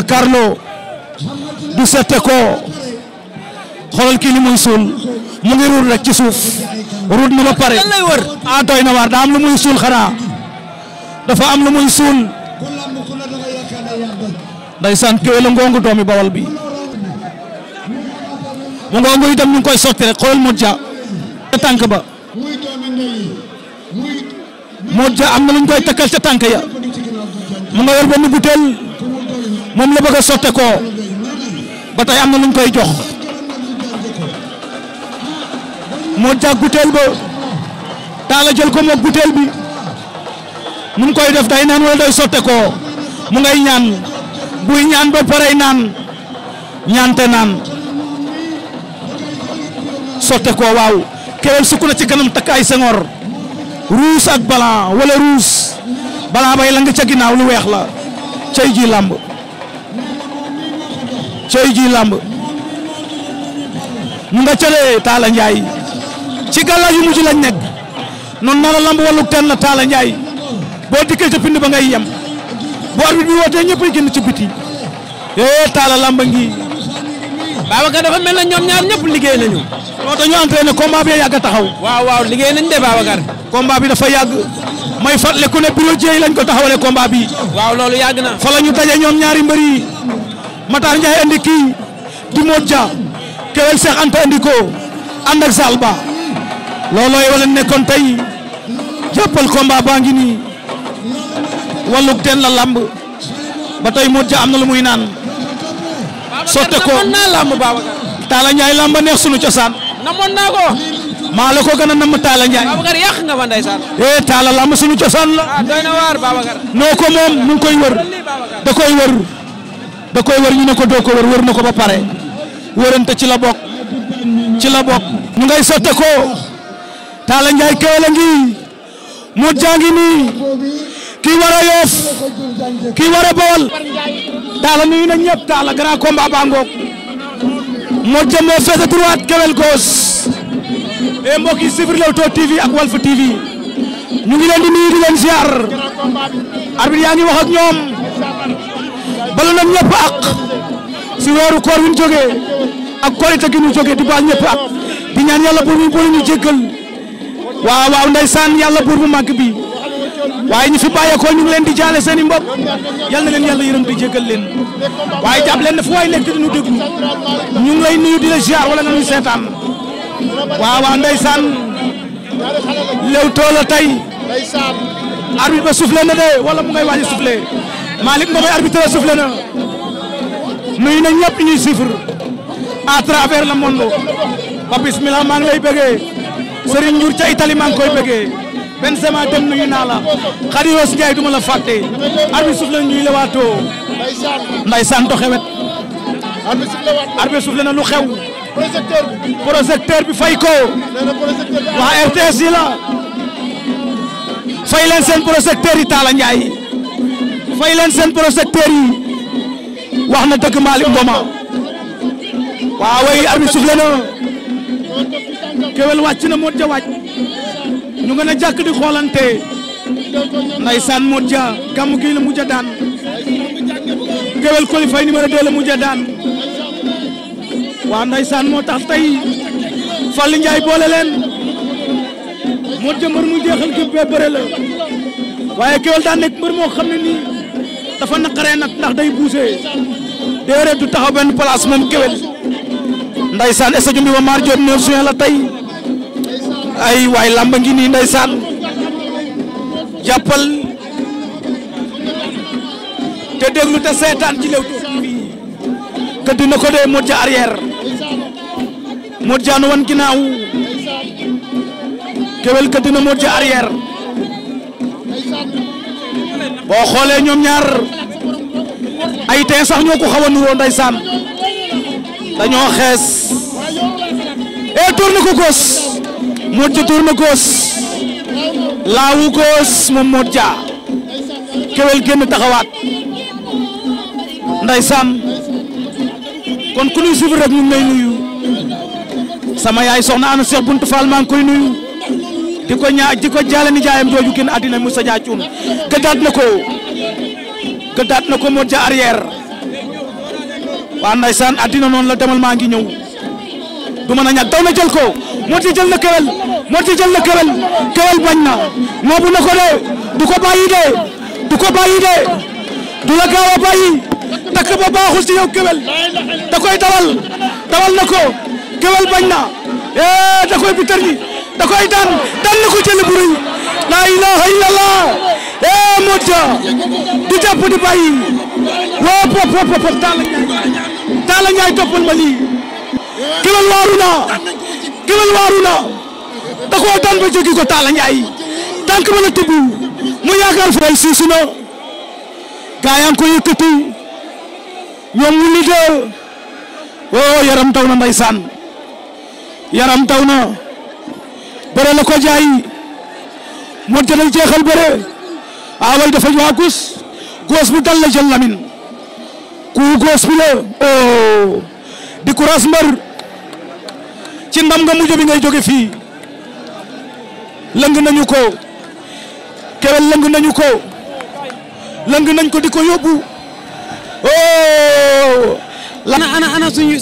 jàkkaarloo du sette ko xoolal kii li muy suul mu ngi ruut rek ci suuf ruut na ba pare a ah, doy na waar daa am lu muy suul xanaa dafa am la muy suul day kéwél a ngongu doomi bawal bi mu ngongu itam ñu ngi koy sotti rek xoolal Modja ca tànk ba Modja am na lu koy takkal ca tànk ya mu nga yor benn butéel moom la bëgg a sotte ko ba tey am na lu ñu koy jox moo jag butéel ba taala jël ko moog butéel bi nu mu koy def day naan wala day sotte ko mu ngay ñaan buy ñaan ba pare naan ñaante naan sotte ko waaw kéwél sukk na ci kanam takk ay sengoor ruus ak blanc wala ruus blanc bay lang ca ginnaaw lu weex la cay ji làmb cey ji làmb mu nga cëlee Talla Ndiaye ci gàllaaj ji mujj lañ nekk noonu nar a lamb wàllu teen la Talla Ndiaye boo dikkee ca pind ba ngay yem bu arbitre bi wootee ñëpp a génn ci biti yee eh, Talla lamba ngi. Babacar dafa mel na ñoom ñaar ñëpp liggéey nañu. non dañoo entraîné combat bi yàgg a taxaw. waaw waaw liggéey nañ de Babacar. combat bi dafa yàgg may fàttaliku ne bureau Dieng lañ ko taxawalee combat bi. waaw loolu yàgg na. fa la ñu daje ñoom ñaari mbër yi Matar Ndiaye andi kii di Modou Dia kewel Cheikh Anta andi ko ànd loolooy wala nekkoon tey jàppal combat baa ngi nii walluk teen la lamb ba tey Modou am na lu muy naan sotte ko Talla Ndiaye lamb neex sunu cosaan namoon naa ko la ko gën a nam Talla Ndiaye Babacar yàq nga ma ndeysaan eh Talla lamb sunu cosaan ah, noo ko moom mu koy wër da koy wër da koy wër ñu ne ko doo ko wër wër na ko ba pare wërante ci la bokk ci la bokk mu ngay sotte ko Talla Ndiaye Kewel a ngi mu jàngi nii kii war a Yoff kii war a Bawol Talla nuyu na ñëpp Talla grand combat ba ngoog moo jëm moo féete droite Kewel gauche e eh, mbokk yi sifir Leewtoo TV ak Walf TV ñu ngi leen di nuyu di leen ziar arbitre yaa ngi wax ñoom bala na ñëpp ak si weeru koor wi ñu jógee ak korite gi ñu jógee di baal ñëpp ak di ñaan yàlla buur bi boole ñu jéggal waaw waaw ndeysaan yàlla buur bu màgg bi waaye ñu fi bàyyeekoo ñu leen di jaale seen i mbokk yal na leen yàlla yërëm di jéggal leen waaye jàpp leen ne fu waay nekk di ñu ñu lay nuyu di la ziar wala nga nuyu seetaan waaw waaw ndeysaan Leewtoo la tey arbitre ba soufflé na de wala mu ngay waaj a soufflé Malick Ngobe arbitre soufflé na nuyu na ñëpp ñuy suivre à travers le monde ba bismillah maa ngi lay bëggee Serigne Ndiour ca Italie maa ngi koy bëggee Benzema nuyu naa la Khady Rose Ndiaye la fàtte arbitre soufflé na ñuy lewaatoo ndaysaan doxe wet arbitre soufflé na lu xew projecteur bi projecteur bi fay ko waa RTS yi la fay leen seen projecteur yi Talla Ndiaye fay leen seen projecteur yi wax na dëgg Malick Ngoma waaw way arbitre soufflé na Keweul wàcc na Modou Dia ñu gën a jàkk di xoolante ndaysaan Modou Dia gàmmu kii la mujj a daan Keweul qualifié numéro 2 la mujj a daan waa ndaysaan moo tax tay Fallou Ndiaye boole leen Modou Dia mbër mu jeexal képp la waaye Keweul daan nekk mbër moo xam ne nii dafa naqaree nag ndax day bousee déedéet du taxaw benn place moom géwél ndaysaan stade Iba Mar Diop 9 juin la tey ay waay lamba ngi nii ndaysaan jàppal te déglu te seetaan ci Leewtoo këdd na ko de Modou Dia arrière Modou wan ginnaaw géwél këdd na Modou Dia arrière boo xoolee ñoom ñaar ay teen sax ñoo ko xaw a nuroo ndeysaan dañoo xees e tourne ko gos Modja tourne gos laawu gos moom Modja kewel génn taxawaat ndeysaan kon ku ñuy suivre rek ñu nuyu sama yaay soxna Ana Cheikh Buntu Fall maa ngi koy nuyu di ko ñaa di ko jaale ni jaayam jooju kenn àddina Moussa Dia Thioune gëddaat na ko gëddaat na ko moo ja arrière waa ndeysaan àddina noonu la demal maa ngi ñëw du mën a ñàkk daw na jël ko moo ci jël na kewel moo ci jël na kewel kewel bañ na noobu na ko de du ko bàyyi de du ko bàyyi de du la gaaw a takk ba baaxul ci yow kewel da koy dawal dawal na ko kewel bañ na eh da koy bitar da koy daan na ko jëlee bu rëy Modja di jàpp di bàyyi woo pop pop pop Talla Ndiaye Talla Ndiaye toppal ma lii gëwël ba jógi ko Talla Ndiaye tànk mu yaakaar fooy suusu na gaa yaa ngi ñoom ñu liggéey yaram taw na ndeysaan yaram taw bëre la ko jaay moonte day jeexal bëre ah way dafa ñëwaat gos gos bu dal la jël lamin ku gos bi la oh di courage mbër ci ndam nga mujj bi ngay joge fii lëng nañu ko kewel lëng nañu ko lëng nañ ko di ko yóbbu oh. ana ana ana suñu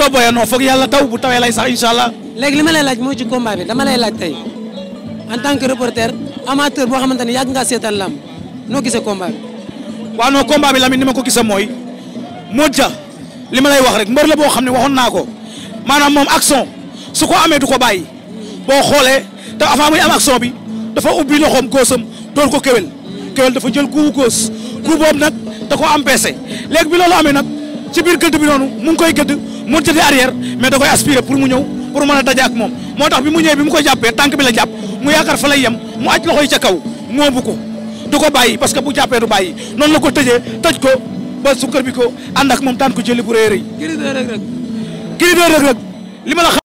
toppoo ya non foog yàlla taw bu tawee lay sax incha allah. léegi li ma lay laaj mooy ci combat bi laaj tey en tant que reporter amateur boo xamante ne yàgg ngaa seetaan lamb noo gisee combat bi. waaw non combat bi ni ma ko gisee mooy Modja li ma lay wax rek mbër la boo xam ne waxoon naa ko maanaam moom action su ko amee du ko bàyyi boo xoolee te avant muy am action bi dafa ubbi loxoom góosam door ko kéwél kéwél dafa jël kuu góos kuu boobu nag da ko empêché léegi bi loolu amee nag ci biir gëdd bi noonu mu ngi koy gëdd. mu tëddee arrière mais da koy aspiré mu ñëw pour mën a daje ak moom moo tax bi mu ñëwee bi mu koy jàppee tànk bi la jàpp mu yaakaar fa lay yem mu aj loxo ca kaw ŋoobu ko du bàyyi parce que bu jàppee du bàyyi noonu la ko tëjee tëj ko ba sukkër bi ko ànd ak moom daan ko jëli bu rëy rëy. Gris 2 Reug Reug. li ma la